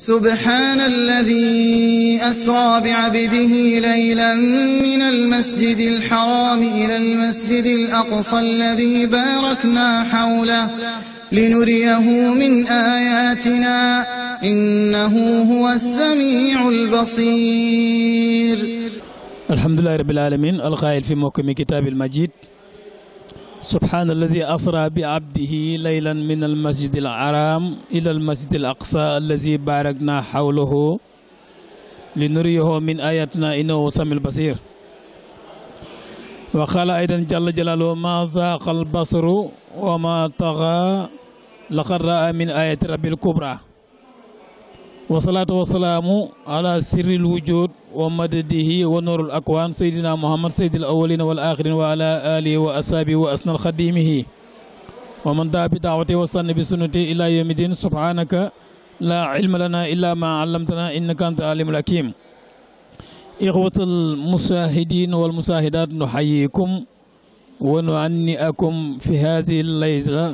سبحان الذي أسرى بعبده ليلا من المسجد الحرام إلى المسجد الأقصى الذي باركنا حوله لنريه من آياتنا إنه هو السميع البصير الحمد لله رب العالمين القائل في موكم كتاب المجيد سبحان الذي أسرى بعبده ليلا من المسجد العرام إلى المسجد الأقصى الذي باركنا حوله لنريه من آياتنا إنه سمي البصير وقال أيضا جل جلاله ما زاق البصر وما طغى لقد رأى من آيات رب الكبرى وصلاة وسلام على سر الوجود ومدده ونور الأكوان سيدنا محمد سيد الأولين والآخرين وعلى آله وأصحابه وأسنى خديمه ومن دعا بدعوته وصلنا بسنته إلى يوم الدين سبحانك لا علم لنا إلا ما علمتنا إنك أنت العليم الحكيم إخوة المشاهدين والمشاهدات نحييكم ونعنئكم في هذه الليلة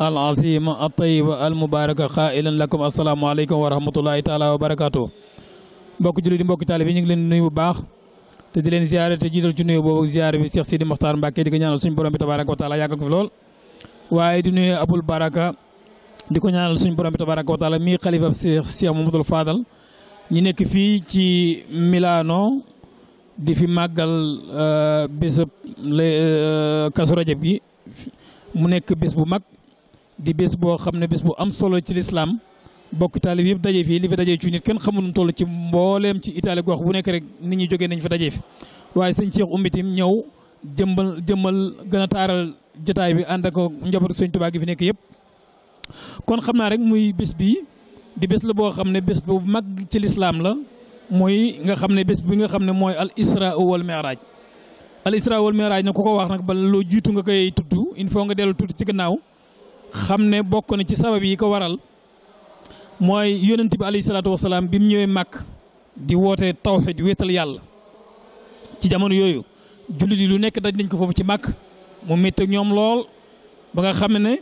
العظيمة الطيبة المباركة قائلا لكم السلام عليكم ورحمة الله تعالى وبركاته mbokk jullit yi mbokk taalibe ñu ngi leen nuyu bu baax te di leen ziare te jiital ci nuyu boobu ziare bi Cheikh Sidi Mokhtar Mbacke di ko ñaanal suñu borom bi tabaraka wa taala yàggal ko fi lool waaye di nuyu Abul Baraka di ko ñaanal suñu borom bi tabaraka wa taala mii xalifa Cheikh Cheikh Mamadou Fadal ñu nekk fii ci Milano di fi màggal bésëb le kasu rajab gi mu nekk bés bu mag di bés bo xamne bés bu am solo ci l'islam bokk talib yeb daje fi li fi daje ci nit ken xamul nu tollu ci mbooleem ci Italie gox bu nek rek nit ñi joggé nañ fi daje fi waaye seigne Cheikh Oumy itam ñëw jëmbal jëmbal gëna taral jotaay bi ànd ak njabootu sëñ Tuubaa gi fi nek yeb kon xamna rek muy bés bi di bés la bo xamne bés bu mag ci l'islam la moy nga xamne bés bi nga xamne moy al isra wal mi'raj al isra wal mi'raj nak ku ko wax nak ba lo jitu nga kay tuddu il faut nga delu tuddu ci gannaaw. xamne ne bokk na ci sabab yi ko waral moy yonent bi alayhi salaatu wasalaam bi di wote tawhid wetal yalla ci jamono yoyu julit yi lu nekk daj nañ ko fofu ci mak mu metti ñom lool ba nga xamne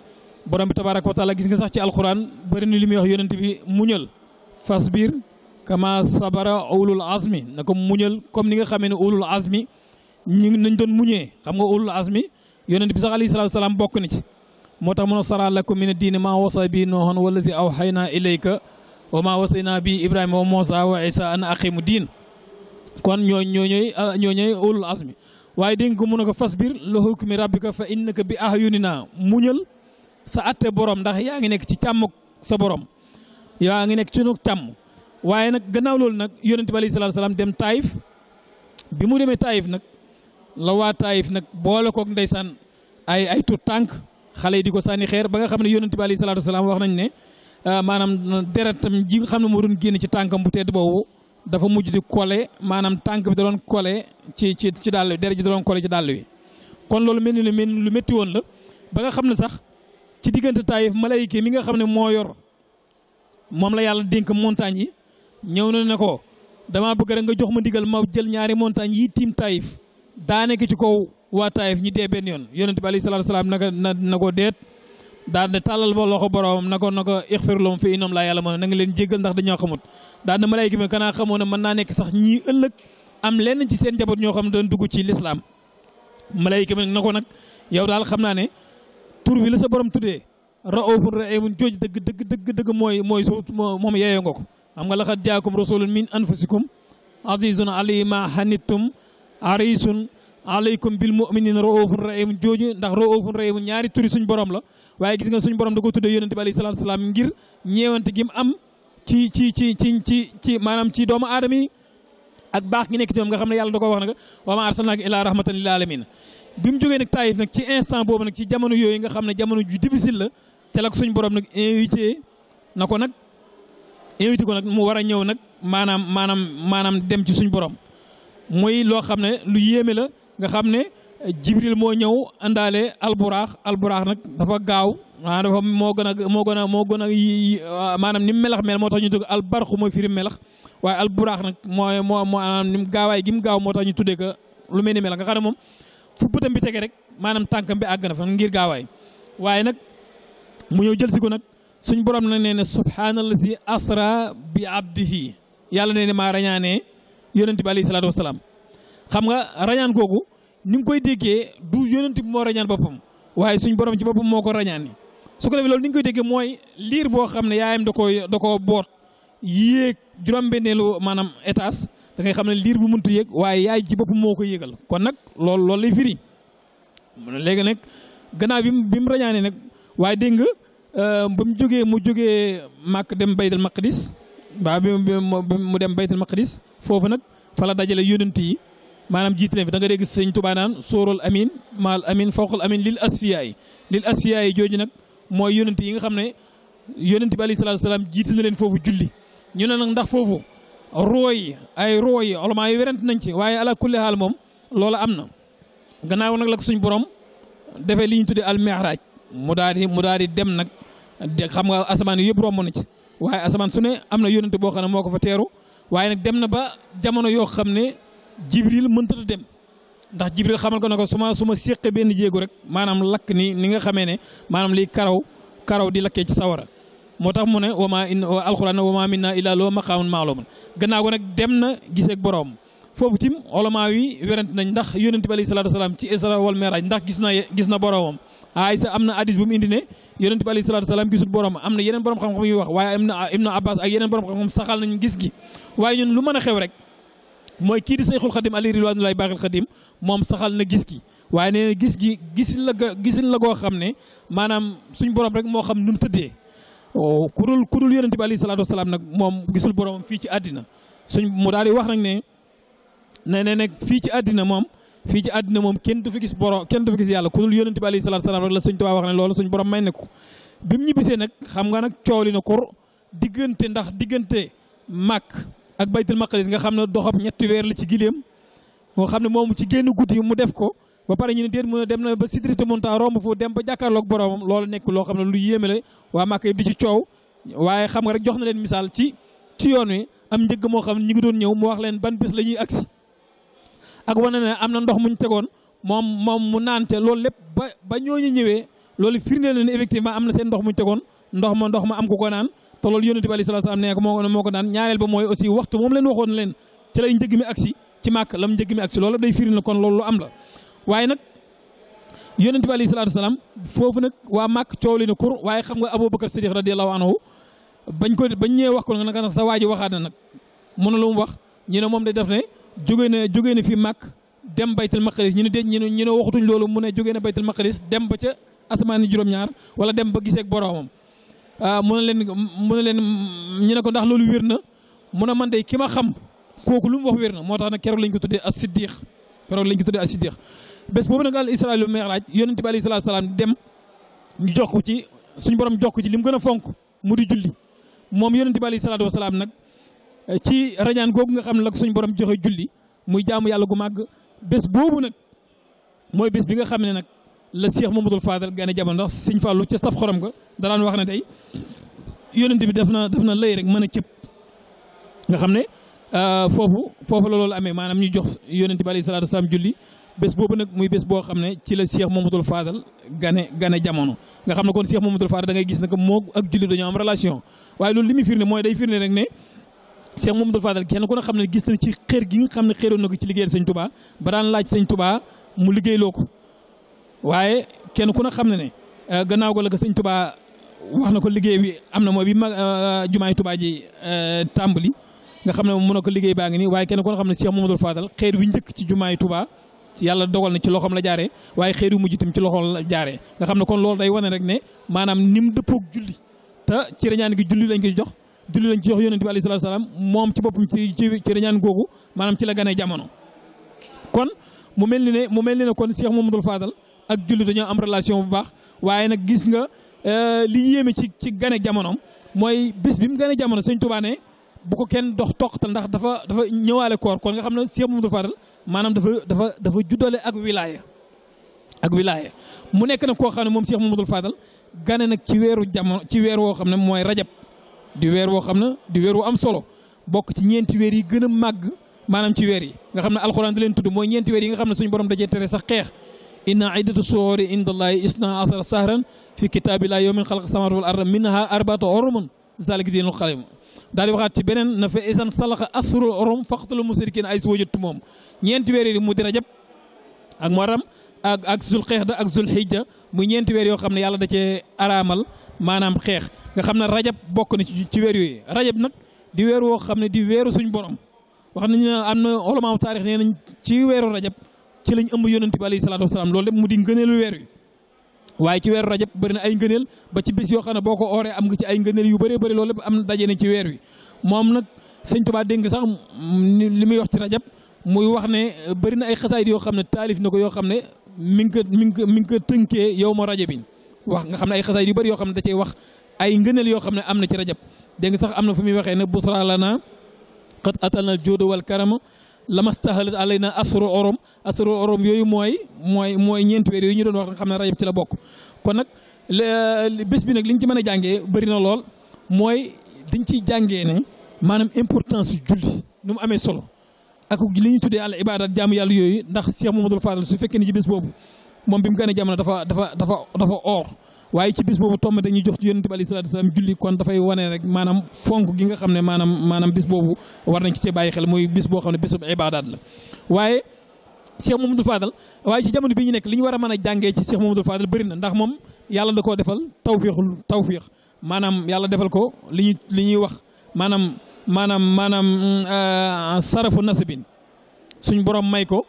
borom bi tabaraka wa taala gis nga sax ci alquran bari ni limi wax bi muñal fasbir kama sabara ulul azmi Nakom ko muñal comme ni nga xamne ulul azmi ñi nañ doon muñé xam nga ulul azmi yonent bi sax alayhi wasallam wasalaam bokk ci moo tax mu sara lakum min diini maa wasa bi nooxon wala si aw xayna ilayka wa maa bi ibrahima wa moosa wa isa an aqimu diin kon ñooñ ñooñoy ñooñoy ulul asmi waaye dégg ko mu ne ko fasbir la hukmi rabbika fa innaka bi ahyunina muñal sa atte borom ndax yaa ngi nekk ci càmm sa borom yaa ngi ci nu càmm waaye nag gannaaw loolu nag yonente bi alayhi salaatu dem taif bi mu demee taayif nag la waa taayif nag boole kook ndeysaan ay ay tut tànk xale yi di ko sànni xeer ba nga xam ne yonent bi alayhi salaatu wasalaam wax nañ ne euh, maanaam deretam ji nga xam ne moo doon génn ci tànkam bu tedd boobu dafa mujj di kole maanaam tànk bi da doon kole ci ci ci dàll bi da doon kole wi kon loolu mel ni lu mel lu métti woon la ba nga xam ne sax ci diggante Taayif malayka mi nga xam ne moo yor moom la yàlla dénk montagne yi ñëw na ne ko damaa bëgg rek nga jox ma ndigal ma jël ñaari montagne yi tiim Taayif daane ko ci kaw waa taayif ñi dee benn yoon yonent bi alayhi salaatu salaam naka na na ko deet daal ne ba loxo boroomam na ko na ko ixfir lahum fa innahum laa ya'lamuun na nga leen jéggal ndax dañoo xamut daal ne malaayka mi kanaa xamoon ne mën naa nekk sax ñii ëllëg am lenn ci seen njaboot ñoo nag yow daal xam naa ne tur bi la sa borom tuddee raufun rahiimun jooj dëgg dëgg dëgg mooy mooy soo moom yeeyoo nga ko xam nga laqad jaakum rasulun min anfusikum azizun alayhi ma hanittum alaykum bil mu'minin raufun rahim jooju ndax raufun rahim ñaari turi suñ borom la waaye gis nga suñ borom da ko tuddee yonente bi alayhi salaatu salaam ngir ñeewante gi mu ci ci ci ci ci maanaam ci doomu aadama yi ak baax gi nekk ci nga xam ne yàlla da ko wax nag wa ma arsalnaaka illaa rahmatan lil alamin bi mu jógee nag taayif nag ci instant boobu nag ci jamono yooyu nga xam ne jamono ju difficile la ca la suñ borom nag invité na ko nag invité ko nag mu war a ñëw nag maanaam maanaam maanaam dem ci suñ borom muy loo xam ne lu yéeme la nga xamne jibril mo ñëw àndaale alburaax alburaax nak dafa gaaw dafa mo gëna mo gëna mo gëna manam nim melax mel moo tax ñu tudd albarxu mooy firi melax waye alburaax nag mooy mo moo maanaam ni mu gi mu gaaw moo tax ñu tuddé ka lu mel nga xamne mom fu bëtam bi tege rek manam tànkam bi àgg na fa ngir gaaway waye nak mu ñëw jël si ko nag suñ borom na nee subhanallahi asra bi abdihi yàlla nee ne maa rañaanee yonent bi alayhi salaatu wasalaam xam nga rañaan kooku ni nga koy déggee du yonent bi moo rañaan boppam waaye suñ borom ci boppam moo ko rañaan su ko defee lool ni nga koy déggee mooy liir boo xam ne yaayam da koy da koo boot yéeg maanaam étage da xam ne liir bu muntu yéeg waaye yaay ci boppam moo ko yégal kon nag loolu loolu lay firi léegi nag gannaaw bi mu bi mu rañaane nag waaye dégg nga euh, ba mu jógee mu jógee màkk dem baytal maqdis waaw bi mu dem baytal maqdis foofu nag fa la dajale yonent yi manam jitté fi da nga dégg sëñ Tuubaa naan amin mal amin fawqul amin lil asfiyaa lil asfiyaa yi nak moy yonent yi nga xamné yonent bi aleyhi salaatu salaam jiite na len fofu julli ñu ne nag ndax fofu roy ay roy ulamaa yi werante nañ ci waaye ala kulli haal moom loola am gannaaw la borom al dem xam nga yëpp romb na ci yonent fa dem na ba jamono yoo jibril mënta dem ndax jibril xamal ko ne ko su ma su ma séqee benn jéego rek maanaam lakk ni ni nga xamee ne maanaam liy karaw karaw di lakkee ci sawara moo tax mu ne wama in alxuraan wama minna na giseeg boroom foofu am na hadis bu mu indi ne yonente bi alayhi salaatu wasalaam gisul boroom am na yeneen borom xam-xam yu wax waaye ibnu abbas ak yeneen borom xam-xam saxal nañu gis gi waaye ñun lu mën a xew rek moy ki di Seyxul khadim ali ridwan ridwaanulaay baaxil khadim mom saxal na gis gi waaye ne gis gi gisin la gisin la go xamne manam suñ borom rek mo xam num mu kurul kurul yaronte bi ali sallallahu bi alayhi salaatu wasalaam nag gisul borom fi ci adina suñ mu dali wax nag ne ne ne nag fii ci adina mom fi ci adina mom kenn du fi gis borom kenn du fi gis yàlla ku dul yonente bi alayhi salaatu wasalaam rek la suñ tuba wax ne lolu suñ borom may ne ko bi mu ñibbisee xam nga nak coow na kur diggante ndax diggante mak ak baytul maqdis nga xam ne doxam ñetti weer la ci gileem moo xam ne moom ci génn guddi mu def ko ba pare ñu ne déet mu ne dem na ba Sidratul Muntaha romb foofu dem ba jàkkaarloog boromam loolu nekk loo xam ne lu yéeme la waa Màkka yi di ci coow waaye xam nga rek jox na leen misaal ci ci yoon wi am njëgg moo xam ne ñu ngi doon ñëw mu wax leen ban bis la ñuy agsi ak wane ne am na ndox muñ tegoon moom moom mu naan te loolu lépp ba ba ñooñu ñëwee loolu firndeel na ne effectivement am na seen ndox muñ tegoon ndox ma ndox ma am ku ko naan te loolu yonente bi aleyhi salaatu salaam nee ko moo moo ko daan ñaareel ba mooy aussi waxtu moom leen waxoon leen ci lay njëg mi agsi ci màkk lam njëg mi agsi loolu day na kon loolu lu am la waaye nag yonente bi aleyhi salaatu salaam foofu nag waa màkk coow li ne kur waaye xam nga Aboubacar Siddiq radiyallahu anhu bañ ko bañ ñëwee wax ko nag nag sa na ne lu mu wax ñu ne moom day def ne jógee na jógee na fi màkk dem baytul maqdis ñu ne déet ñu ne ñu ne waxatuñ loolu mu ne jógee na baytul maqdis dem ba ca asamaan ni juróom-ñaar wala dem ba gisee ak boroomam Ah, mun ne leen mu ne leen ñu ne ko ndax loolu wér na mun a man de ki ma xam kooku lu mu wax wér na moo tax nag keroog lañ ko tuddee as siddiq keroog lañ ko tuddee as siddiq bés boobu nag al isra lu mi'raj yonent bi alayhi salaatu salaam dem ñu jox ko ci suñu borom jox ko ci lim mu gën a fonk mu di julli moom yonent bi alayhi salaatu wasalaam nag ci rañaan googu nga xam ne la ko suñu borom joxe julli muy jaamu yàlla gu màgg bés boobu nag mooy bés bi nga xam ne nag la Cheikh Mamadou Fadal gane jamono ndax Sëñ Fallou ca saf xorom ga danaan wax ne tey yonent bi def na def na lay rek mën a nga xamne ne fofu foofu la loolu amé manam ñu jox yonent sallallahu alayhi wasallam julli bés bobu nak muy bés bo xamne ci la Cheikh Mamadou Fadal gane gane jamono nga xamne kon Cheikh Mamadou Fadal da ngay gis nak que ak julli dañu am relation waaye loolu limi firné moy day firné rek ne Cheikh Mamadou Fadal kenn ko xamne gis na ci xër gi nga xamne ne nako ci liggéeyal Sëñ Touba ba daan laaj Sëñ Touba mu liggéeyloo loko waaye kenn ku ne xam na ne euh, gannaaw ko la ko sëñ Touba wax na ko liggéey bi am na mooy bi ma euh, jumaay Touba ji euh, tàmbali nga xam ne mën na ko liggéey baa ngi nii waaye kenn ku ne xam ne Cheikh Mamadou Fadal xeer wi njëkk ci jumaay Touba yàlla dogal na ci loxoom la jaaree waaye xeer wi mujj itam ci loxoom la jaaree nga xam ne kon loolu day wane rek ne maanaam ni mu dëppoog julli te ci reñaan gi julli lañ koy jox julli lañ ci jox yonent bi alayhi salaatu salaam moom ci boppam ci ci reñaan googu maanaam ci la gane jamono kon mu mel ni ne mu mel ni ne kon Cheikh Mamadou Fadal ak jullit dañoo am relation bu baax waaye nag gis nga euh, li yéeme ci ci gane jamonoom mooy bis bi mu gane jamono sëñ Tuubaa bu ko kenn dox toq tal ndax dafa dafa ñëwaale koor kon nga xam ne Cheikh Mamadou Fadal maanaam dafa dafa dafa juddale ak wilaaya ak wilaaya mu nekk nag koo xam ne moom Cheikh Mamadou Fadal gane nag ci weeru jamono ci weer woo xam ne mooy rajab di weer woo xam ne di weer wu am solo bokk ci ñeenti weer yi gën a màgg maanaam ci weer yi nga xam ne alxuraan da leen tudd mooy ñeenti weer yi nga xam ne suñu borom dajee tere sax xeex إن عدة الشهور عند الله إثنا عشر شهرا في كتاب الله يوم خلق السماوات والأرض منها أربعة أرم ذلك دين القيم daal di waxaat ci beneen na fa isan salaxa asrul orom faqtul musrikin ay si wajut moom ñeenti weer yi mu di rajab ak muharram ak ak zul xeexda ak zul xijja muy ñeenti weer yoo xam yàlla da cee araamal maanaam xeex nga xam rajab bokk na ci weer yooyu rajab nag di weer woo xam di weeru suñ borom wax nañu am na olomaamu taarix nee ci weeru rajab ci lañ ëmb yonent bi alayhi salaatu wasalaam loolu lépp mu di ngëneelu weer wi waaye ci weer weeru rajab bëri na ay ngëneel ba ci bis yoo xam ne boo ko ooree am nga ci ay ngëneel yu bëree bëri am daje na ci weer wi moom nag sëñ Tuubaa dénk sax li muy wax ci rajab muy wax ne bëri na ay xasaayit yoo xam ne taalif na ko yoo xam ne mi ngi mi ngi ko mi ngi ko tënkee yow ma rajab bi wax nga xam ne ay xasaayit yu bëri yoo xam ne da cee wax ay ngëneel yoo xam ne am na ci rajab dégg nga sax am na fu muy waxee ne busra lana qad atalna al joodu wal karama lamastahalat alayna asru orom asru orom yooyu mooy mooy mooy ñeenti weer yooyu ñu doon wax nga xam ne rajab ci la bokk kon nag bés bi nag liñ ci mën a jàngee bëri na lool mooy dañ ciy jàngee ne maanaam importance julli nu mu amee solo ak li ñu tuddee al ibadat jaamu yàlla yooyu ndax Cheikh Mamadou Fadal su fekkee ni ci bés boobu moom bi mu gën a jamono dafa dafa dafa dafa waaye ci bis boobu tomb dañuy jox ci yonent bi alayhi salaatu salaam julli kon dafay wane rek maanaam fonk gi nga xam ne maanaam maanaam bis boobu war nañ ci cee bàyyi xel muy bis boo xam ne bisub ibaadaat la waaye Cheikh Mamadou Fadal waaye ci jamono bi ñu nekk li ñu war a mën a jàngee ci Cheikh Mamadou Fadal bëri na ndax moom yàlla da koo defal tawfiixul tawfiix maanaam yàlla defal ko li ñuy li ñuy wax maanaam maanaam maanaam euh, sarafu nasibin suñ borom may ko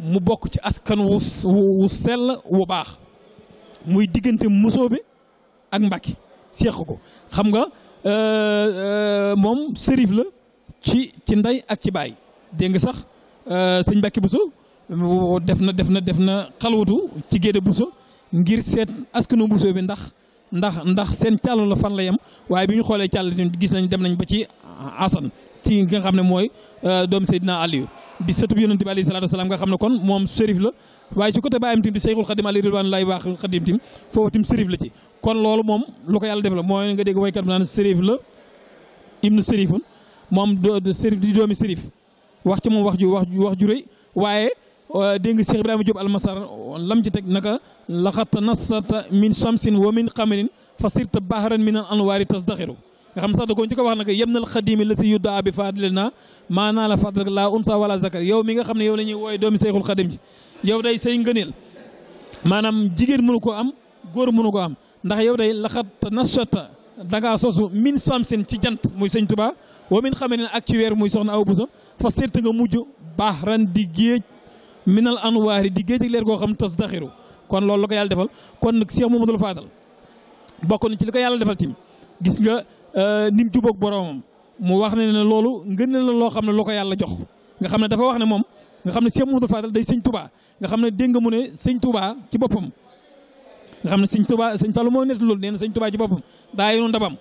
mu bokk ci askan wu wu sell wu baax. muy diggante bi ak Mbacke seex ko xam nga euh, euh, moom sërif la ci ci ndey ak ci baay dégg nga sax euh, sëñ Mbacke Bousso def na def na def na xalwatu ci gédé Bousso ngir seet askanu Bousso bi ndax ndax ndax seen càll la fan la yem waaye bi ñu xoolee càll gis nañ dem nañ ba ci Assane ci nga xam ne mooy doomu Seydina Aliou di sëtub yonente bi alayhi salaatu wasalaam nga xam ne kon moom sërif la waaye ci côté bàyyam tim di Seyxul Xadim Ali Ridwaan lay wax Xadim tim foofu tim sërif la ci kon loolu moom lu ko yàlla def la mooy nga dégg waykat bi naan sërif la ibnu sërifun moom sërif di doomi sërif wax ci moom wax ju wax wax ju rëy waaye dégg nga Cheikh Ibrahima Diop almasar lam ci teg naka laxat nasata min shamsin wa min xamarin fa sirta bahran min al anwaari tasdaxiru خم صادو كونتي كوا نك يمن الخديم الذي يدعى بفضلنا ما نال فضل لا أنسى ولا ذكر يوم ميغا خم يوم نيجي ويدوم يسيق الخديم يوم داي سين غنيل ما نام جيجر منوكو أم غور منوكو أم نه يوم داي لخات نشطة دعاه سوسو من سامسون تيجنت ميسين توبا ومن خمين الأكتيير ميسون أو بوزو فسير تنو موجو بحران ديجي من الأنوار ديجي تلير غو خم تصدقرو كون لولو كيال دفل كون نكسير مو مدل فضل بكون تلقي يال دفل تيم قسنا Euh, ni mu jubóog boroomam mu wax na ne loolu ngën na la loo xam ne loo ko yàlla jox nga xam ne dafa wax ne moom nga xam ne Cheikh Mouhamadou Fadal day sëñ Touba nga xam ne dégg nga mu ne sëñ Touba boppam nga xam ne sëñ Touba sëñ Fallou moo nekk loolu nee na sëñ Touba ci boppam daa yenu ndabam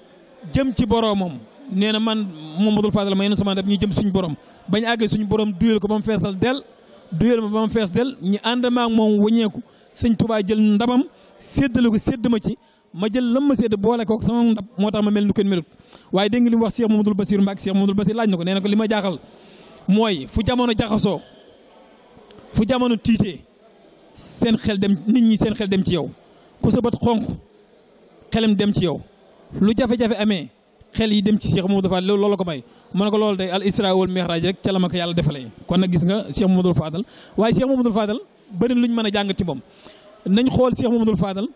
jëm ci boroomam nee na man Mouhamadou Fadal ma yenu sama ndab ñu jëm suñu borom bañ àggee suñu borom duyal ko ba mu feesal del duyal ma ba mu fees del ñu ànd maag moom wëññeeku sëñ Touba jël ndabam séddale ko sédd ma ci ma jël lam ma seet boole kook sama ndab moo tax ma mel ni kenn melut waaye dégg nga li mu wax Cheikh Mamadou Bassir Mbacke Cheikh Mamadou Bassir laaj na ko nee ko li ma jaaxal mooy fu jamono jaxasoo fu jamono tiitee seen xel dem nit ñi seen xel dem ci yow ku sa bët xonq xelam dem ci yow lu jafe-jafe amee xel yi dem ci Cheikh Mamadou Fadal loolu la ko may mu ne ko loolu day al isra wal mi'raj rek ca la ma ko yàlla defalee kon nag gis nga Cheikh Mamadou Fadal waaye Cheikh Mamadou Fadal bëri luñ mën a jàngat ci moom nañ xool Fadal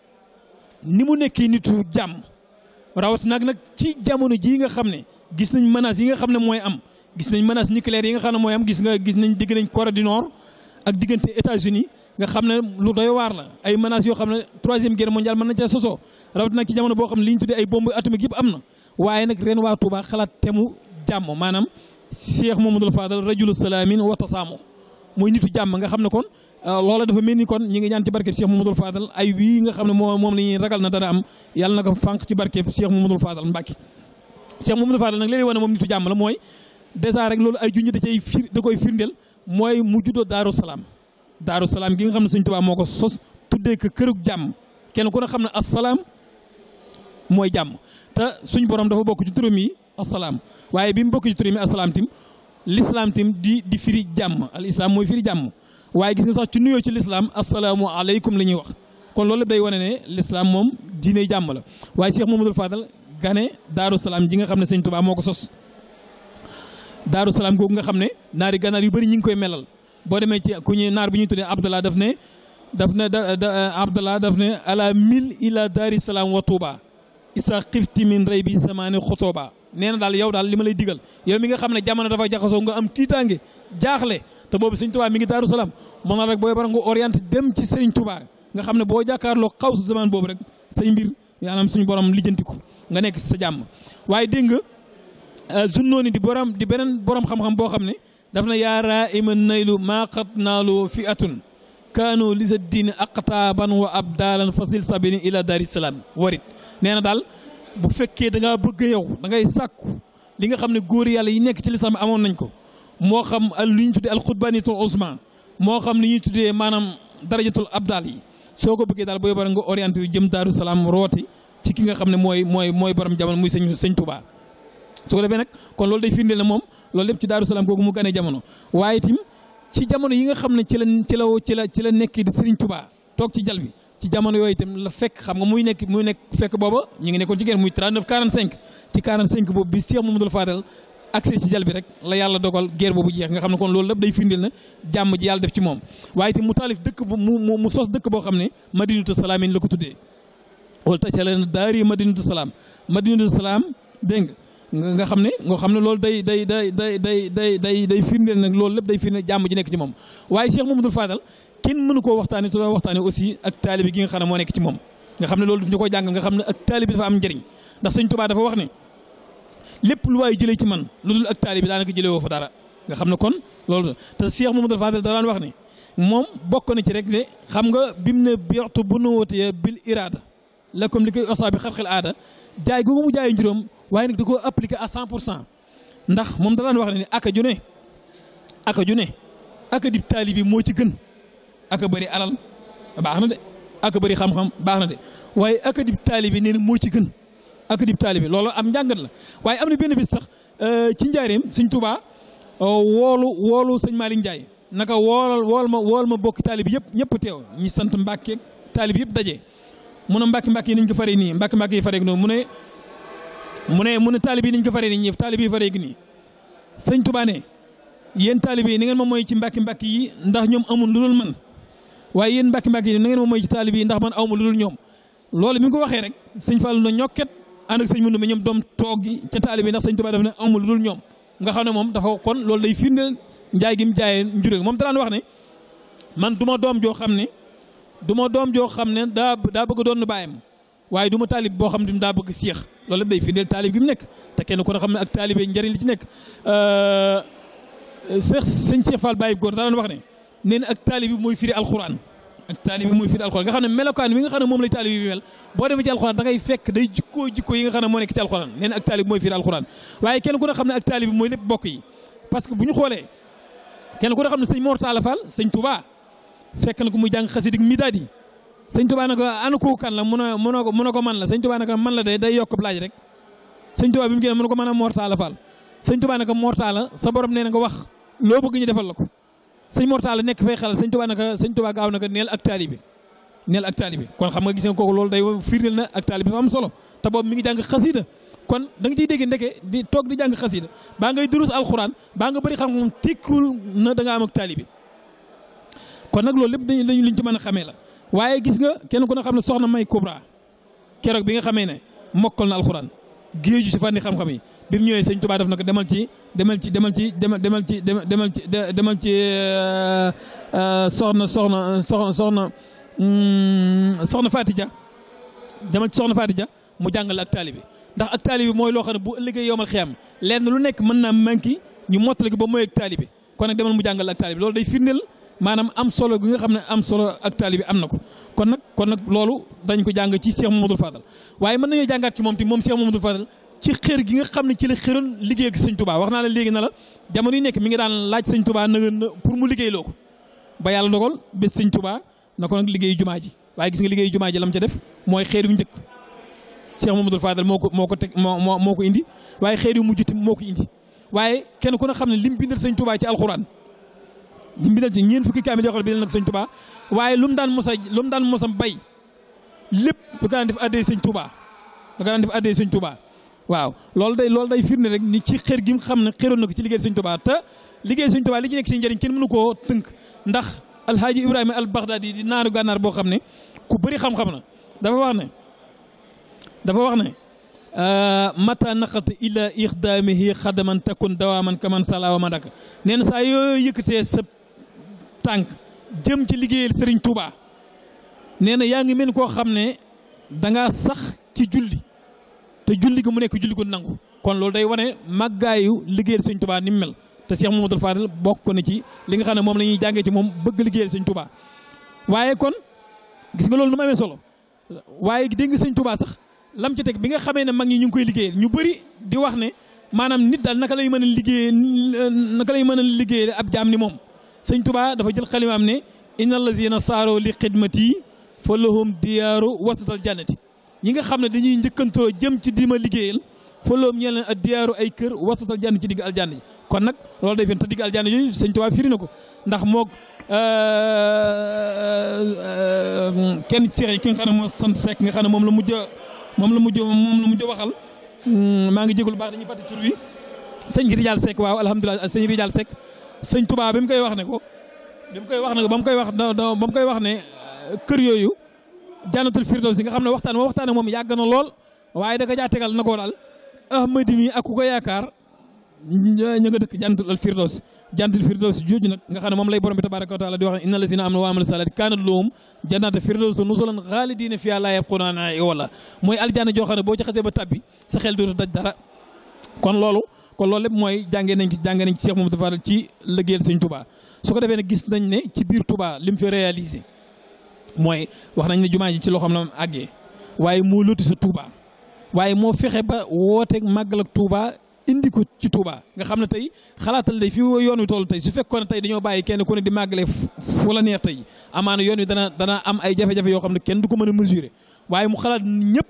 ni mu nekkee nitu jàmm rawat nag nag ci jamono jii nga xam ne gis nañ menaces yi nga xam ne mooy am gis nañ menaces nucléaires yi nga xam ne mooy am gis nga gis nañ digg nañ Corée du Nord ak diggante États-Unis nga xam ne lu doy waar la ay menaces yoo xam ne troisième guerre mondiale mën na cee sosoo rawat nag ci jamono boo xam ne li ñu tuddee ay bomb atomiques yëpp am na waaye nag ren waa Touba xalaat temu jàmm maanaam Cheikh Mamadou Fadal rajulu salaamin wa tasaamu mooy nitu jàmm nga xam ne kon Euh, loola dafa mel ni kon ñi ngi ñaan ci barkeb Cheikh Mamadou Fadal ay wii nga xam ne moo moom la ñuy ragal na dana am yàlla na ko fànq ci barkeb Cheikh Mamadou Fadal Mbàkke Cheikh Mamadou Fadal nag léegi wane moom nitu jàmm la mooy dèjà rek loolu ay junj da cay fir da koy firndeel mooy mu juddoo Daaru Salaam Daaru Salaam gi nga xam ne Sëñ Tuubaa moo ko sos tuddee ko kërug jàmm kenn ku ne xam ne asalaam mooy jàmm te suñ borom dafa bokk ci turam yi asalaam waaye bi mu bokk ci turam yi asalaam tim l'islam di di firi jàmm al islam mooy firi jàmm waye gis nga sax ci nuyo ci l'islam assalamu alaykum la wax kon loolu day wone ne l'islam mom diine jàmm la waye Cheikh Mamadou Fadal gane daru salam gi nga xamné seigne touba moko sos daru salam gog nga xamné ne naari gànnaar yu bari ñing koy melal bo démé ci ku ñuy naar bi ñu tuddee Abdallah daf ne daf ne Abdallah daf ne ala mil ila daru salam wa touba isa qifti min raybi zamani khutuba nee na daal yow daal li ma lay diggal yow mi nga xam ne jamono dafa jaxasoo nga am tiitaange jaaxle te boobu sëñ Touba mi ngi daaru salaam moom la rek booy bara nga orienté dem ci sëriñ tubaa nga xam ne boo jàkkaarloo xaw sa zaman boobu rek say mbir xam suñu borom lijjantiku nga nekk sa jàmm waaye dégg nga euh, zunnooni di borom di beneen borom xam-xam boo xam ne daf na yaaraa iman naylu maaxat naalu fi atun kaanu lisa diin aqtaaban wa abdaalan fasil sabini ila daari salaam warit nee na daal bu fekkee dangaa ngaa bëgg yow da ngay sàkku li nga xam ne góor yàlla yi nekk ci li lislaam amoon nañ ko moo xam lu ñu tuddee alxutbaaniyatul usma moo xam li ñuy tuddee maanaam darajatul abdal yi soo ko bëggee daal booy bara nga orienté yu jëm daaru salaam rooti ci ki nga xam ne mooy mooy mooy borom jamono muy sëñ sëñ tubaa su ko defee nag kon loolu day firndeel na moom loolu lépp ci daaru salaam googu mu ganee jamono waaye tim ci jamono yi nga xam ne ci la ci la ci la ci la nekk di sëriñ tubaa toog ci jal bi ci jamono yooyu itam la fekk xam nga muy nekk muy nekk fekk booba ñu ngi nekkoon ci guerre muy 39 45 ci 45 boobu bi Cheikh Mamadou Fadal accès ci jal rek la yàlla dogal guerre boobu jeex nga xam ne kon loolu lépp day firndeel na jàmm ji yàlla def ci moom waaye itam mu taalif dëkk bu mu mu sos dëkk boo xam ne madinatu salaam la ko tuddee wala tacala daari madinatu salaam madinatu salaam dégg nga nga xam ne nga xam ne loolu day day day day day day day day firndeel nag loolu lépp day firndeel jàmm ji nekk ci moom waaye Cheikh Mamadou kenn mënu koo waxtaanee te doo waxtaanee aussi ak taalibe gi nga xam ne moo nekk ci moom nga xam ne loolu daf ñu koy jàngal nga xam ne ak taalibe dafa am njëriñ ndax sëñ Tuubaa dafa wax ne lépp lu waaye jëlee ci man lu dul ak taalibe daanaka jëlee woo fa dara nga xam ne kon loolu te Cheikh Mamadou Fadel da daan wax ne moom bokk na ci rek ne xam nga bim ne bioxtu bu nuwootee bil iraada la li koy osaa bi xarxil aada jaay googu mu jaay njuróom waaye nag da koo appliqué à 100 pour cent ndax moom da daan wax ne aka ju ne aka ju ne aka dib moo ci gën. ak a bëri alal baax na de ak a bëri xam-xam baax na de waaye ak a dib taalibi nee na moo ci gën ak dib taalibi loolu am njàngat la waaye am na benn bis sax euh, ci njaareem sëñ Tuubaa euh, woolu woolu sëñ Malick Ndiaye naka woolal wool ma wool ma bokk taalibi yëpp ñëpp teew ñu sant Mbàkke taalibi yëpp daje mu ne Mbàkke Mbàkke yi niñ ko faree nii Mbàkke Mbàkke yi faree noonu mu ne mu ne mu ne taalibi yi niñ ko faree nii ñëpp taalibi ne yéen taalibi yi ni ngeen ma mooy ci Mbàkke Mbàkke yi ndax ñoom amul lu man waaye yéen mbàkki mbàkki yi na ngeen ma moy ci taalibe yi ndax man awma lu dul ñoom loolu mi ngi ko waxee rek sëñ Fallu na ñokket ànd ak sëñ Mundu mi ñoom doom toog ca taalibe yi ndax sëñ Tuubaa daf ne awma lu dul ñoom nga xam ne moom dafa kon loolu day firndeel njaay gi mu jaayee njureel moom daan wax ne man du ma doom joo xam ne du ma doom joo xam ne daa daa bëgg doon bàyyam waaye du ma taalib boo xam ne daa bëgg seex loolu day firndeel taalib gi mu nekk te kenn ku ne xam ne ak taalibe njariñ li ci nekk seex sëñ Seex Fall Baye Góor daan wax ne nee na ak taalibi mooy firi alxuraan ak taalibi mooy firi alxuraan nga xam ne melokaan bi nga xam ne moom lay taalibi bi mel boo demee ci alxuraan da ngay fekk day jikkoo jikko yi nga xam ne moo nekk ci alxuraan nee na ak taalibi mooy firi alxuraan waaye kenn ku ne xam ne ak taalibi mooy lépp bokk yi parce que bu ñu xoolee kenn ku ne xam ne sëñ Mor Talla Fall sëñ Touba fekk na ko muy jàng xasidik midaad yi sëñ Touba nag ana ko kan la mënoo mënoo ko mënoo ko man la sëñ Touba nag man la day day yokk laaj rek sëñ Touba bi mu génn mën ko mën a Mor Talla Fall sëñ Touba nag Mor Talla sa borom nee na nga wax loo bëgg ñu defal la ko سيني مرتال نك في خال سنتو بانك سنتو بانك عاونك نيل أكتاليبي نيل أكتاليبي كون خامع جيسين كوكولول دايو فيرلنا أكتاليبي ما مسلو تبوا ميجي جانغ خزيد كون دنجي دي جندك دي توك دي جانغ خزيد بانغ يدروس القرآن بانغ بري خامع تيكول ندعام أكتاليبي كون نقول لب دي لين لين جمان خاملا واي جيسين كيانو كون خامع صارنا ماي كبرى كيرك بيجا خامينه مكلنا القرآن bi mu ñëwee sëñ Tuubaa def na ko demal ci demal ci demal ci demal ci demal ci demal ci euh, euh, soxna soxna soxna soxna hmm, soxna Fatija demal ci soxna Fatija mu jàngal ak taali bi ndax ak taali bi mooy loo xam ne bu ëllëgee yomal xiyam lenn lu nekk mën naa manqué ñu mottali ko ba mu ak taali bi kon nag demal mu jàngal ak taali loolu day firndeel maanaam am solo gi nga xam ne am solo ak taali bi am na ko kon nag kon nag loolu dañ ko jàng ci Cheikh Mamadou Fadal waaye mën nañoo jàngaat ci ci xër gi nga xam ne ci la xëroon liggéey ak sëñ Touba wax naa la léegi na la jamono yi nekk mi ngi daan laaj sëñ Touba na pour mu liggéey loo ko ba yàlla dogal bés sëñ Touba na ko nag liggéey jumaa ji waaye gis nga liggéey jumaa ji lam ca def mooy xeer yu njëkk Cheikh Mamadou Fadal moo ko moo ko teg moo moo ko indi waaye xeer yu mujj moo ko indi waaye kenn ku ne xam ne lim bindal sëñ Touba ci alxuraan lim bindal ci ñeent fukki kaamil yoo xam ne bindal nag sëñ Touba waaye lu mu daan mos a lu mu daan mos a bay lépp da ko daan def addee sëñ Touba da ko daan def addee sëñ Touba waaw loolu day loolu day firnde rek ni ci xër gi xam ne xëroon na ko ci liggéey Sëñ Tuubaa te liggéey Sëñ Tuubaa li ci nekk si njëriñ kenn mënu koo tënk ndax alhaaji Ibrahima al Baghdadi di naaru gànnaar boo xam ne ku bari xam-xam na dafa wax ne dafa wax ne mata naqat ila ixdaamihi xadaman takun dawaaman kaman sala wa madaka nee na saa yooyu yëkkatee sa tànk jëm ci liggéeyal Sëriñ Tuubaa nee na yaa ngi mel koo xam ne danga sax ci julli te julli gi mu nekk julli gu nangu kon loolu day wane màggaayu liggéeyal sëñ tubaa ni mu mel te Cheikh Mamadou Fadel bokk na ci li nga xam ne moom la jàngee ci moom bëgg liggéeyal sëñ tubaa waaye kon gis nga loolu nu mu amee solo waaye dégg nga sëñ tubaa sax lam ci teg bi nga xamee ne mag ñi ñu ngi koy liggéeyal ñu bëri di wax ne maanaam nit daal naka lay mën a liggéeye naka lay mën a liggéeye ab jaam ni moom sëñ tubaa dafa jël am ne inna allazina saaro li xidmati fa lahum diyaaru wasatal jannati ñi nga xam ne dañuy njëkkantoo jëm ci diima liggéeyal faloom ñeel leen ak diyaaru ay kër wasatal jann ci digg aljanna ji kon nag loolu day fen te digg aljanna yooyu sëñ Tuubaa firi ko ndax moog euh, euh, kenn seex ki nga ne moo sant Seck nga xam ne moom la mujj moom la mujj moom la mujj waxal hmm, maa ngi jégalu baax dañuy fàtte tur wi sëñ Rijaal Seck waaw alhamdulilah sëñ Rijaal Seck sëñ Tuubaa bi mu koy wax ne ko bi koy wax ne ko ba koy wax ba mu koy wax ne kër yooyu jannatul firdawsi nga xam ne waxtaan moom waxtaan moom yàgg na lool waaye da ko jaa tegal na ko daal ahmadi mi ak ku ko yaakaar ñu nga dëkk jannatul firdawsi jannatul firdawsi jooju nag nga xam ne moom lay borom bi tabaraka wa taala di wax ne inna lazina amanu wa amalu salat kaanat lahum jannatu firdawsi nuzulan xaalidina fiha laa yabquuna anhaa wala mooy aljanna joo xam ne boo ci xasee ba tabbi sa xel dootu daj dara kon loolu kon loolu lépp mooy jàngee nañ ci jàngee nañ ci Cheikh Mamadou Fadal ci liggéeyal Sëñ Touba su ko defee ne gis nañ ne ci biir Touba lim fi réalisé mooy wax nañ ne jumaa ji ci loxoom la mu àggee waaye moo loti sa Touba waaye moo fexe ba wooteeg màggal la Touba indi ko ci Touba nga xam ne tey xalaatal day fi yoon wi toolu tey su fekkoon ne tey dañoo bàyyi kenn ku ne di màggalee fu la neex tey amaana yoon wi dana dana am ay jafe-jafe yoo xam ne kenn du ko mën a mesurer waaye mu xalaat ñëpp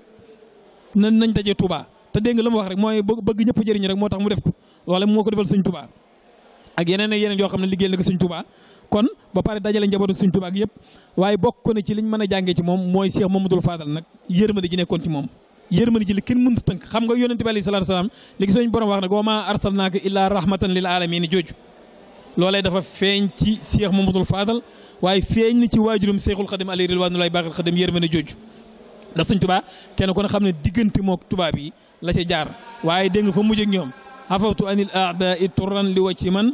nañ nañ dajee Touba te dégg la mu wax rek mooy bëgg ñëpp jëriñ rek moo tax mu def ko loole moo ko defal sëñ Touba ak yeneen ak yeneen yoo xam ne liggéeyal na ko sëñ Touba kon ba pare dajale njabootu Sëriñ Tuubaa yëpp waaye bokk na ci liñ mën a jàngee ci moom mooy Cheikh Mamadou Fadal nag yërmande ji nekkoon ci moom yërmande ji li kenn mënut tënk xam nga yonent bi alayhi salaatu salaam li suñu borom wa maa arsalnaaka illaa rahmatan lil aalamiin jooju loolee dafa feeñ ci Cheikh Mamadou Fadal na ci waajurum Cheikhul Khadim alayhi ridwaanullaahi baaxil Khadim yërmande jooju ndax Sëriñ Tuubaa kenn kon xam ne diggante mook tubaab yi la ca jaar waaye dégg nga fa mujj ak ñoom afawtu anil aadaa turran li wacci man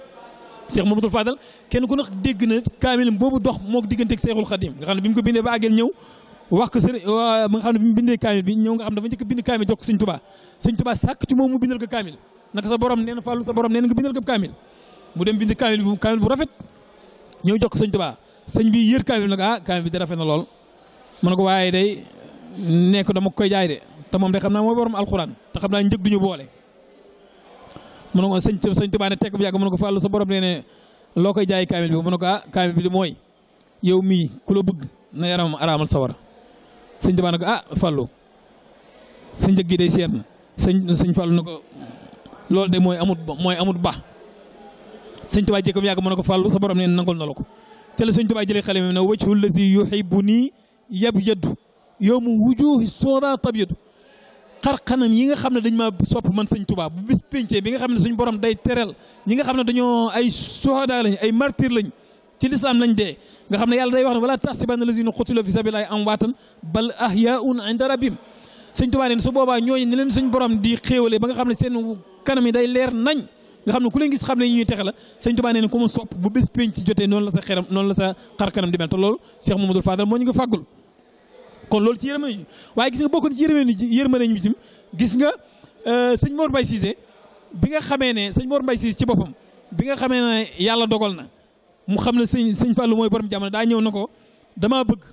seex Mamadou Fadal kenn ku ne na kaamilam boobu dox moo digganteeg Cheikhul Khadim mu ko bindee ba àggeel ñëw wax nga xam ne bi mu bindee kaamil bi ñëw nga xam dafa njëkk bind kaamil jox ko Sëriñ Tuubaa Sëriñ sa borom nee na fàllu na nga bindal kaamil mu dem bind kaamil bu rafet ñëw jox ko Sëriñ Tuubaa sëñ bi yër kaamil nag ah kaamil bi da rafet na lool mu ne ko waaye day nekk dama koy jaay de te moom day xam naa mooy borom alxuraan te xam naa njëg duñu boole mu ne ko sëñ sëñ Tuubaa ne tekk bu yàgg ko fàllu sa borom nee ne loo koy jaay kaamil bi mu ne ko ah kaamil bi mooy yow mi ku la bëgg na yaramam araamal sawara sëñ Tuubaa ne ko ah fàllu sa njëg gi day seet na sëñ sëñ fàllu de mooy amut ba mooy amut ba sëñ Tuubaa jékkam yàgg ko fàllu sa borom nee ne nangul na la ko te la sëñ Tuubaa jëlee xale mi ne wajhu lazi yuhibuni yabyadu yawmu wujuhi sura tabyadu xar xanam yi nga xam ne dañ ma sopp man sëñ Tuubaa bu bis péncee bi nga xam ne suñ borom day tereel ñi nga xam ne dañoo ay soxodaa lañ ay martir lañ ci lislaam lañ dee nga xam ne yàlla day wax ne wala tahsabanna lazina qutilu fi sabilillahi amwaatan bal ahyaun inda rabbihim sëñ Tuubaa ne su boobaa ñooñu ni leen suñ borom di xéewale ba nga xam ne seen kanam yi day leer nañ nga xam ne ku leen gis xam ne ñuy texe la sëñ Tuubaa ne ku mu sopp bu bis pénc jotee noonu la sa xeram noonu la sa xar kanam di mel te loolu Cheikh Mamadou Fadal moo ñu ko fàggul kon loolu ci yërmande ñu waaye gis nga bokk na ci yërmande gis nga euh, sëñ Mor Mbaye Cissé bi nga xamee ne sëñ Mor Mbaye ci boppam bi nga xamee ne yàlla dogal na mu xam ne sëñ sëñ Fallou mooy borom jamono daa ñëw na ko damaa bëgg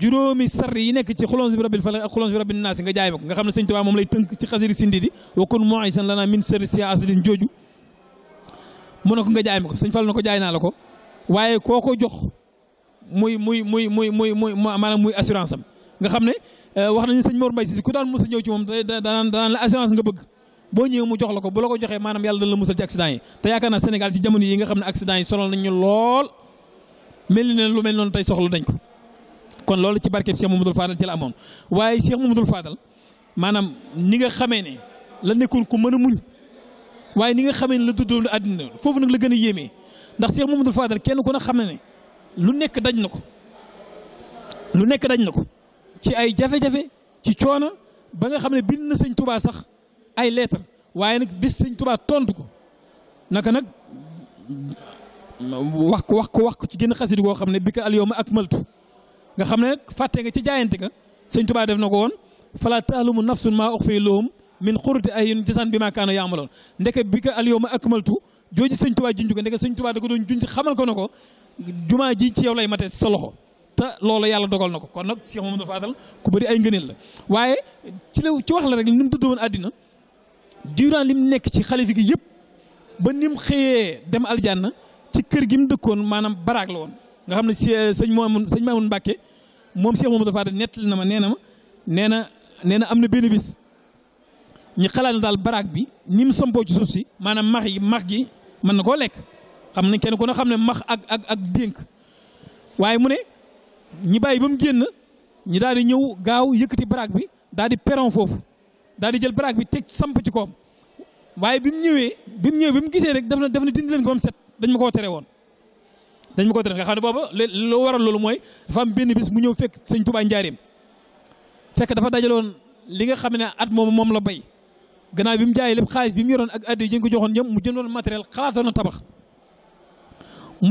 juróomi sarri yi nekk ci xulonsi bi rabbil bi rabbin naas nga jaay ma ko nga xam ne sëñ Tuubaa moom lay tënk ci xasiri sindi di wa kun mu'isan lana min sharri asidin jooju ne ko nga jaay ma ko sëñ na ko jaay naa la ko waaye koo ko jox muy muy muy muy muy maanaam muy assurance am nga xam ne wax nañu sëñ Mor Mbaye si ku daan mos a ñëw ci moom daan daan la assurance nga bëgg boo ñëwee mu jox la ko bu la ko joxee maanaam yàlla dana la musal ci accident yi te yaakaar naa Sénégal ci jamono yi nga xam accident yi sonal nañu lool mel ni ne lu mel noonu tey soxla dañ ko kon loolu ci barkeb Cheikh Mamadou Fadal ci la amoon waaye Cheikh Mamadou Fadal maanaam ni nga xamee ne la nekkoon ku mën muñ waaye ni nga xamee la dudd àddina foofu nag la gën a ndax Cheikh Mamadou Fadal kenn ku ne xam ne lu nekk daj na lu nekk daj na ci ay jafe-jafe ci coono ba nga xam ne bind na sëñ tubaa sax ay lettre waaye nag bis sëñ tubaa tontu ko naka nag wax ko wax ko wax ko ci gën xasidi koo xam ne bi ka alyawma akmaltu nga xam ne nag nga ci jaayante ka sëñ tubaa def na ko woon fala taalumu nafsun maa uxfiya lahum min qurrati ahyunin jazaan bimaa kaanuu ya'maluun ndeke bi ka alyawma akmaltu jooju sëñ tubaa junj ko ndeke sëñ tubaa da ko doon junj xamal ko ne ko jumaa ji ci yow lay mate sa loxo te loolu yàlla dogal na ko kon nag Cheikh Mamadou Fadal ku bëri ay ngëneel la waaye ci la ci wax la rek ni mu tudd woon àddina durant li mu nekk ci xalifa gi yëpp ba ni mu xëyee dem aljanna ci kër gi mu dëkkoon maanaam baraag la woon nga xam ne eh, sëñ Mamoun sëñ Mamoun Mbacke moom Cheikh Mamadou Fadal nettali na ma nee na nee na nee na am na benn bis ñu xalaat daal baraag bi ni mu ci suuf si maanaam max yi max gi mën na koo lekk xam ne kenn ku xam ne max ak ak ak dénk waaye mu ne ñi bàyyi ba mu génn ñi daal di ñëw gaaw yëkkati baraag bi daal di peron foofu daal di jël baraag bi teg samp ci koom waaye bi mu ñëwee bi mu ñëwee bi mu gisee rek daf na daf na dindi leen ko ba mu set dañ ma koo tere woon. dañ ma koo tere nga xam ne booba loo waral loolu mooy dafa am benn bis mu ñëw fekk sëñ Tuubaa njaareem fekk dafa dajaloon li nga xam ne at moom moom la bay gannaaw bi mu jaayee lépp xaalis bi mu yoroon ak addi yi ko joxoon ñëpp mu jëndoon matériel xalaatoon na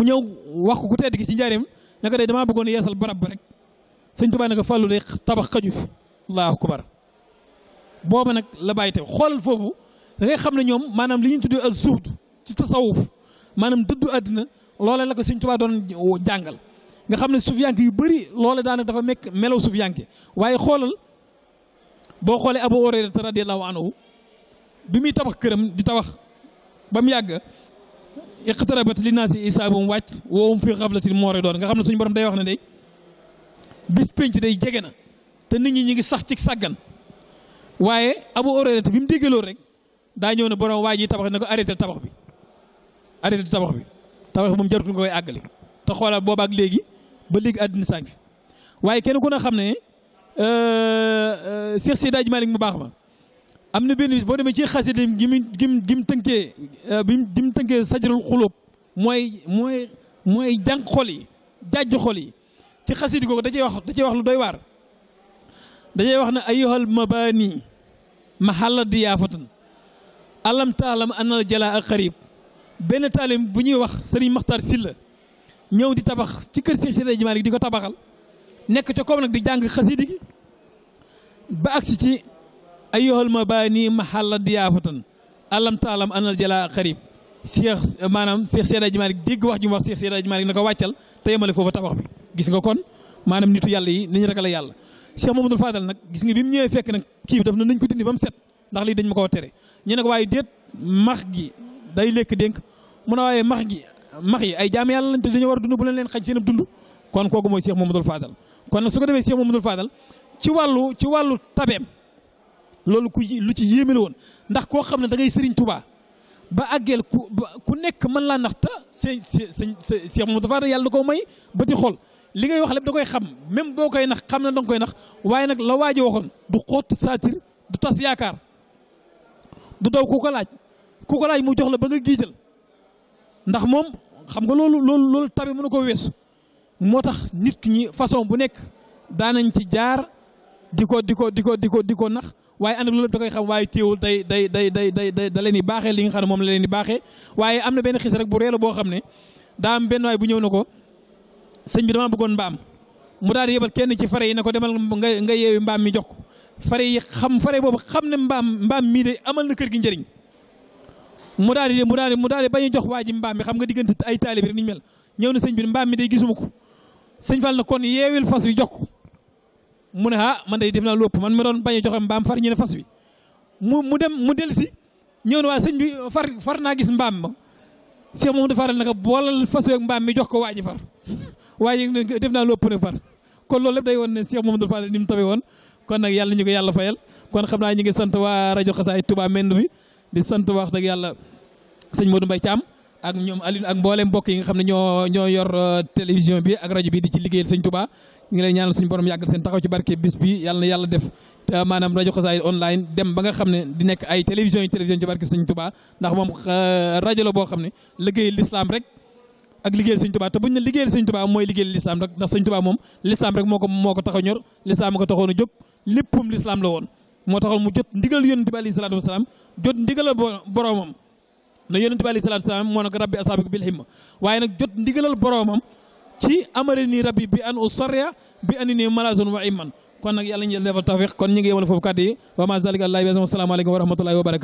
ñëw wax ko gi ci njaareem نقدر إذا ما بقول يصل برب برك سنتو بقى نقدر فلو ريخ طبخ كجوف الله أكبر بوا منك لبايته خال فوفو ريخ خم نيوم ما نم لين تدو أزود تتصوف ما نم تدو أدنى لولا لك سنتو بقى دون جانجل نخم نسوفيان كي بري لولا دانة دفع مك ملو سوفيان كي واي خال بوا خال أبو أوري ترى دي الله عنه بمية طبخ كرم دي طبخ بمية عقل اقتربت للناس إساب وات وهم في غفلة الموردون قام نسوني برم دايوخنا دي بسبينت دي جيغنا تنيني نيجي سحتيك ساقن واي أبو أوريدة بيم ديجلو رك دانيون برم واي جي تابخ نكو أريد التابخ بي أريد التابخ بي تابخ بمجر كن كوي أغلي تخوالا بوباك ليجي بليك أدن سانف واي كنو كنا خمني سيخ سيداج مالك مباخمه am na benn bis boo demee ci xasida gi mu gi mu gi mu tënkee gi mu tënkee sajrul xulóob mooy mooy mooy jànq xol yi jàjj xol yi ci xasida googu da cee wax da cee wax lu doy waar da cee wax ne ayyuhal mabani mahalla diyaafatan alam taalam anal jalaa ak xarib benn taalim bu ñuy wax sëriñ Maxtar Silla ñëw di tabax ci kër Seex Seydi Ajji Maalik di ko tabaxal nekk ca koom nag di jàng xasida gi ba agsi ci أيها المباني محل ضيافة ألم تعلم أن الجلاء قريب Cheikh maanaam Cheikh Seydi Hadji Malick dégg wax ju mu wax Cheikh Seydi Hadji Malick na ko wàccal te yemale foofu tabax bi gis nga kon maanaam nitu yàlla yi nañu ragale yàlla Cheikh Mamadou Fadal nag gis nga bi mu ñëwee fekk nag kii bi daf na nañ ko dindi ba mu set ndax lii dañ ma koo tere ñu ne ko waaye déet max gi day lekk dénk mu ne waaye max gi max yi ay jaam yàlla lañ te dañoo war a dund bu leen leen xaj seen ab dund kon kooku mooy Cheikh Mamadou Fadal kon nag su ko defee Cheikh Mamadou Fadal ci wàllu ci wàllu tabeem loolu ku lu ci yéeme la woon ndax koo xam ne da ngay sëriñ tubaa ba àggeel ku ku nekk mën laa nax ta seen seen seen moom dafa yàlla da ko may ba di xool li ngay wax lépp da koy xam même boo koy nax xam na danga koy nax waaye nag la waajo waxoon du xoot saatir du tas yaakaar du daw ku ko laaj ku ko mu jox la ba nga giijal ndax moom xam nga loolu loolu loolu tabe mënu ko weesu moo tax nit ki ñi façon bu nekk daanañ ci jaar di ko di ko di ko di ko di ko nax waaye ànd ak loolu da koy xam waaye téewul day day day day day da leen di baaxee li nga xam ne moom la leen di baaxee waaye am na benn xis rek bu reelu boo xam ne daa am benn waay bu ñëw na ko sëñ bi dama bëggoon mbaam mu daal di yebal kenn ci fare yi na ko demal nga nga yeewi mbaam mi jox ko fare yi xam fare boobu xam ne mbaam mbaam mii de amal na kër gi njëriñ mu daa di mu daal di mu daal di bañ jox waa ji mbaam mi xam nga diggante ay taalib rek ni mel ñëw na sëñ bi mbaam mi de gisuma ko sëñ Fall na kon yeewil fas yi jox ko mu ne ah man day def naa lu ëpp man ma doon bañ a joxe mbaam far ñu ne fas wi mu mu dem mu del si ñëw ne waa sëñ bi far far naa gis mbaam ma si moom dafa faral naka boolal fas mbaam mi jox ko waa ji far waa ji def naa lu ëpp far kon loolu lépp day woon ne moom Mamadou Fadel ni mu tabe woon kon nag yàlla ñu ko yàlla fayal kon xam naa ñu ngi sant waa rajo Xasaay tubaa Mende bi di sant wax dëgg yàlla sëñ Modou Mbaye Thiam ak ñoom Alioune ak mboolem mbokk yi nga xam ne ñoo ñoo yor euh, télévision bi ak rajo bi di ci liggéeyal sëñ Touba ñu ngi lay ñaanal suñu borom yàggal seen taxaw ci barke bis yàlla na yàlla maanaam rajo Xasaay online dem ba nga xam ne di nekk ay télévision yi télévision ci barke Sëñ Tuubaa ndax moom euh, rajo la boo xam ne liggéey lislaam rek ak liggéeyal Sëñ Tuubaa te buñ ne liggéeyal Sëñ Tuubaa mooy liggéeyal lislaam ndax Sëñ Tuubaa moom lislaam rek moo ko tax a ñor lislaam ko taxoon a jóg léppum lislaam la woon moo taxoon mu jot ndigal yonent bi alayhi salaatu wasalaam jot ndigalal boromam na yonent ci amari nii rabbi bi an u sarya bi ani nii malasun wa iman kon nag yàlla ñu defal tawfiq kon ñu ngi yemal foofu wa ma zalika allah bi asalaamaaleykum wa rahmatullahi wa barakatu